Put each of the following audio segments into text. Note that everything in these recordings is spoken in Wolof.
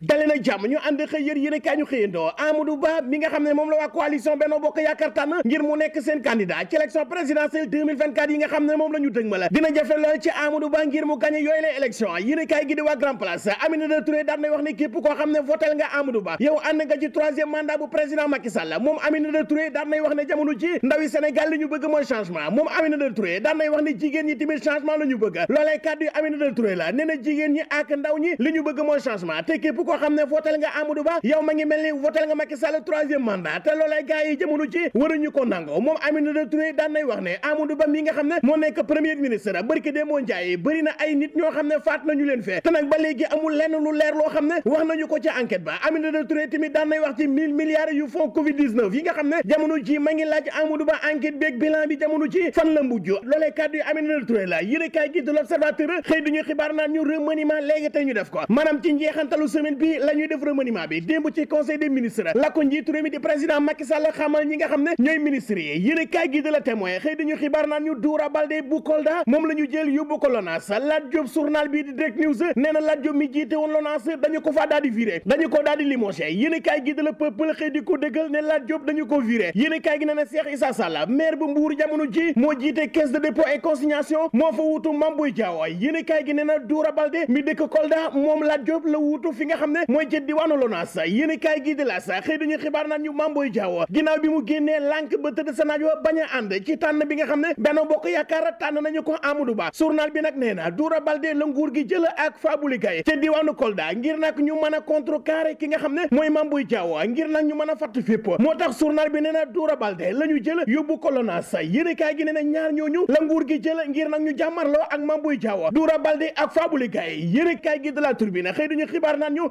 dale nag jàmm ñu ànd xëy yër yéen ñu xëyandoo Amadou Ba mi nga xam ne moom la waa coalition Benno Bokk Yaakaar tànn ngir mu nekk seen candidat ci élection présidentielle 2024 yi nga xam ne moom la ñu dëgmal dina jafe lool ci Amadou Ba ngir mu gagné yooyu la élection yéen kaay gi waa Grand Place Aminata Touré daan nay wax ne képp koo xam ne votel nga Amadou Ba yow ànd nga ci troisième mandat bu président Macky Sall moom Aminata koo xam ne votel nga Amadou Ba yow ma ngi mel ni votel nga Macky Sall troisième mandat te loolay gars yi jamono ci waruñu ko nango moom Aminata Touré daan nay wax ne Amadou Ba mi nga xam ne moo nekk premier ministre barki dee moo njaay bëri na ay nit ñoo xam ne faat nañu leen fee te nag ba léegi amul lenn lu leer loo xam ne wax nañu ko ci enquête ba Aminata Touré tamit daan nay wax ci mille milliards yu fonds covid 19 yi nga xam ne jamono ji ma ngi de l'Observateur xëy duñu xibaar bi la ñuy def remaniement bi démb ci conseil des ministres la ko njiitu réew mi di président Macky Sall xamal ñi nga xam ne ñooy ministres yi yéen gi de témoin xëy dañu xibaar naan ñu Doura Baldé bu Kolda moom la jël yóbbu ko Lonaas Lat Diop journal bi di Direct News nee na Lat mi jiite Lonaas dañu ko faa daal di dañu ko daal di limogé yéen gi de la xëy di ko dëggal ne Lat Diop dañu ko viré yéen gi nee na Cheikh la xam mooy jët diwaanu lonaas yéen i gii di laas xëy dañuy xibaar naan ñu Mamboy Diaw ginnaaw bi mu génnee lànk ba tëdd sa naaj bañ a ànd ci tànn bi nga xam ne Benno Bokk Yaakaar tànn nañu ko Amadou Ba journal bi nag nee na Doura Baldé la nguur gi jël ak Fabouly Gaye ca diwaanu Kolda ngir nag ñu mën a contrecarrer ki nga xam ne mooy Mamboy Diaw ngir nag ñu mën a fatt fépp moo tax journal bi nee na Doura la ñu jël yóbbu ko lonaas yéen i gi nee na ñaar ñooñu la nguur gi jël ngir nag ñu jàmmarloo ak Mamboy Diaw Doura Baldé ak Fabouly Gaye yéen kaay gi de la Tribune xëy dañu xibaar naan ñu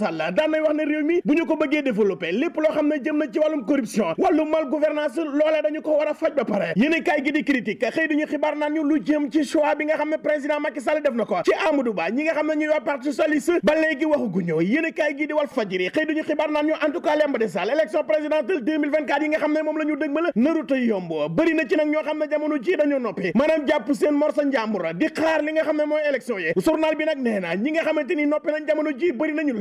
Alassane wax ne réew mi bu ñu ko bëggee développé lépp loo xam ne jëm na ci wàllum corruption wàllu mal gouvernance loolee dañu ko war a faj ba pare yéen gi di critique xëy duñu xibaar naan ñu lu jëm ci choix bi nga xam ne président Macky Sall def na ko ci Amadou Ba ñi nga xam ne ñuy waa parti socialiste ba léegi waxuguñu yéen kay gi di Walf Fadjri xëy duñu xibaar naan ñu en tout de sall élection présidentielle 2024 yi nga xam ne la ñu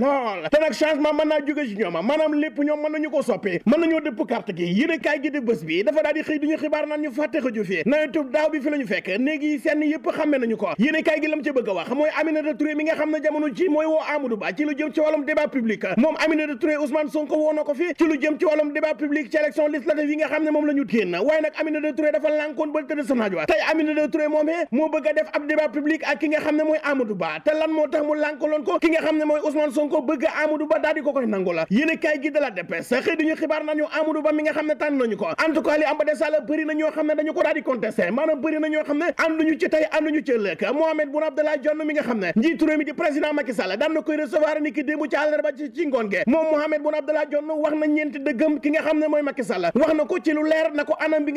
te nag changement mën naa jóge ci ñooma maanaam lépp ñoom mën nañu ko soppee mën nañoo dëpp carte gi yéen gi di bés bi dafa daal di xëy duñu xibaar naan ñu fàtte xëju fii nawetub daaw bi fi la fekk néegi seen yëpp xamme nañu ko yéen gi lam ci bëgg a wax mooy Aminata Touré mi nga xam ne jamono ji mooy woo Amadou Ba ci lu jëm ci wàllum débat public moom Aminata Touré Ousmane Sonko woo na ko fi ci lu jëm ci wàllum débat public ci wa bëgg Amadou Ba daal ko koy nangu la yéen a gi de la dépêche xëy dañu xibaar nañu Amadou Ba mi nga xam ne tànn nañu ko en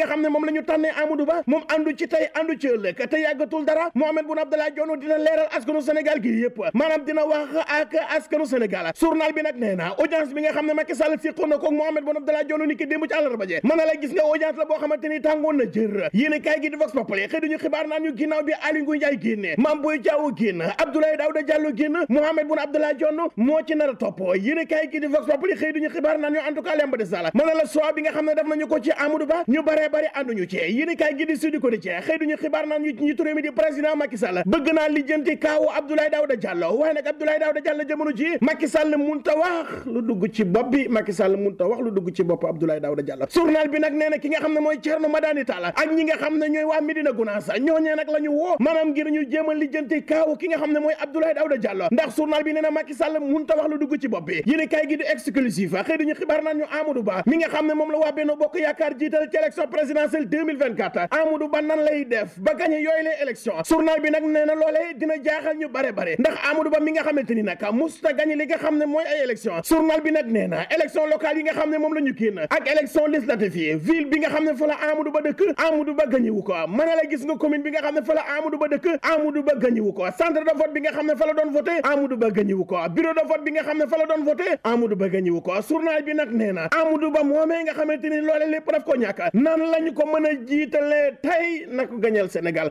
ba moom Mohamed ci tey àndu ci ëllëg te yàggatul dara Mohamed Boun Abdallah Dionne dina leeral askanu Sénégal gi yëpp maanaam dina wax ak askanu Sénégal Sénégal bi nag nee naa audience bi nga xam ne Macky Sall siqoon na ko Mohamed Boun Abdallah Dionne ni ki démb ci àllarba mën na la gis nga audience la boo xamante ni tàngoon na jër yéen kaay gi di vox populi xëy duñu xibaar naan ñu ginnaaw bi Aly Ngouille Ndiaye génne xibaar naan ñu en tout cas mën na la soi bi nga xam ne def nañu ko ci Amadou Ba ñu baree bari ànduñu ci yéen kaay gi di Sud Quotidien xëy duñu xibaar naan ñu njiitu réew mi di président Macky Sall bëgg naa lijjanti Macky Sall munta wax bi Macky Sall munta wax lu dugg ci bopp Abdoulaye Daouda Diallo journal bi nag nee na ki nga xam ne mooy Thierno Madani Talla ak a lijjanti ne mooy Abdoulaye Daouda Diallo ndax journal bi nee na Macky Sall dina jaaxal ñu bare bare ndax Amadou Ba mi nga xamante ni nag musta gagné li nga xam ne mooy ay élection journal bi nag nee na élection locale yi nga xam ne moom la ñu génn ak élection législative yi ville bi nga xam ne fa la Amadou Ba dëkk Amadou Ba gañewu ko mën a centre de vote bi nga xam ne fa la doon voté Amadou Ba gañewu ko bureau de vote bi nga xam ne fa la doon voté Amadou Ba gañewu ko journal bi nag nee na Amadou Ba moomee nga xamante ni loole lépp daf ko ñàkk nan lañu ko mën a jiitalee tey na ko gañal Sénégal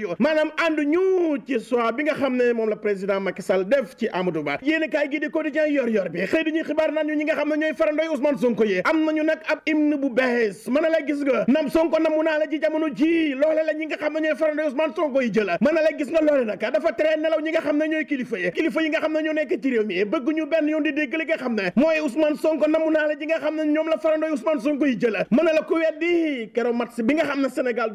yooyu maanaam ànd ñu ci soit bi nga xam ne moom la président Macky def ci Amadou Ba yéen kaay gi di quotidien yor yor bi xëy di xibaar naan ñu nag ab hymne bu bees mën a na la a gis nga loole nag dafa tere nelaw ñi nga xam ne ñooy kilifa yi kilifa yi nga xam ne ñoo nekk ci réew mi bëgg ñu benn yoon di dégg li nga xam ne mooy Ousmane Sonko na mu naa la ji nga xam ne ñoom la farandoy Ousmane Sonko yi jëla mën a la ku weddi keroog match bi nga xam ne Sénégal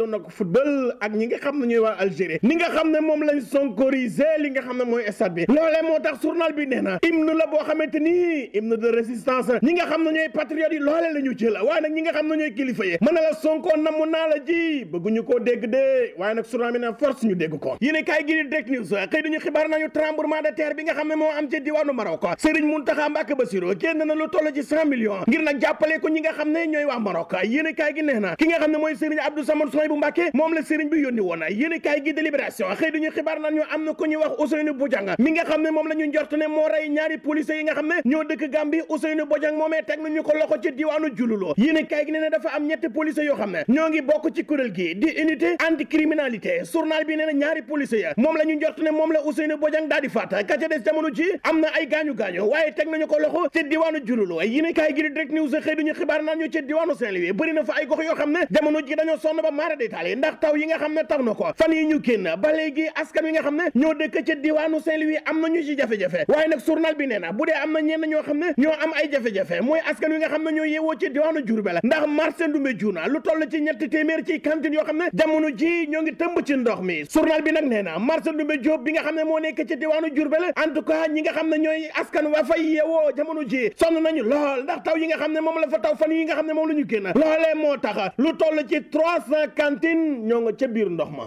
Algérie ni nga xam ne moom lañ sonkorisé li nga xam ne mooy stade bi loolee moo tax journal bi nee na hymne la boo xamante ni hymne de résistance ñi nga xam ne ñooy patriotes yi loolee la ñu jël waaye ñi nga xam ne ñooy kilifa yi mën na la Sonko namu naa la ji bëgguñu koo dégg de waaye nag journal bi nee force ñu dégg ko yéen gi di Direct News xëy duñu xibaar nañu tremblement de terre bi nga xam ne moo am ci diwaanu Maroc Serigne Mountakha Mbacké Bassirou génn na lu toll ci cent millions ngir ne ñooy waa Maroc yéen kaay gi nee na ki nga ne mooy Serigne kaay gi de xëy duñu xibaar naan ñu am na ku ñuy wax Ousseynou Bodiang mi nga xam ne moom la ñu njort ne moo rey ñaari policiers yi nga xam ne ñoo dëkk Gambie yoo xam ne ñoo ngi bokk ci kuréel gi di unité anticriminalité journal bi nee na ñaari policiers moom la ñu moom la Ousseynou Bodiang daal di faat ka ca des jamono ji am na ay gaañu-gaañu waaye teg nañu ko loxo ci diwaanu Jululoo yéen gi di Direct News xëy duñu xibaar naan ñu ci diwaanu Saint-Louis na fa ay gox yoo xam ne jamono ji dañoo sonn ba maara détaali ndax taw yi nga xam ne taw na ko yi ñu génn ba léegi askan wi nga xam ne ñoo dëkk ca diwaanu Saint-Louis am na ñu ci jafe-jafe waaye nag journal bi nee na bu dee am na ñenn ñoo xam ne ñoo am ay jafe-jafe mooy askan wi nga xam ne ñoo yeewoo ci diwaanu Diourbel ndax marché Ndoumbé na lu toll ci ñetti téeméer ci cantine yoo xam ne jamono ji ñoo ngi tëmb ci ndox mi journal bi nag nee na marché Ndoumbé Diop bi nga xam ne moo nekk ci diwaanu Diourbel en tout cas ñi nga xam ne ñooy askan wa fay yeewoo jamono ji sonn nañu lool ndax taw yi nga xam ne moom la fa taw fan yi nga xam ne moom la ñu génn loolee moo tax lu toll ci trois cent cantine ñoo nga ca biir ndox ma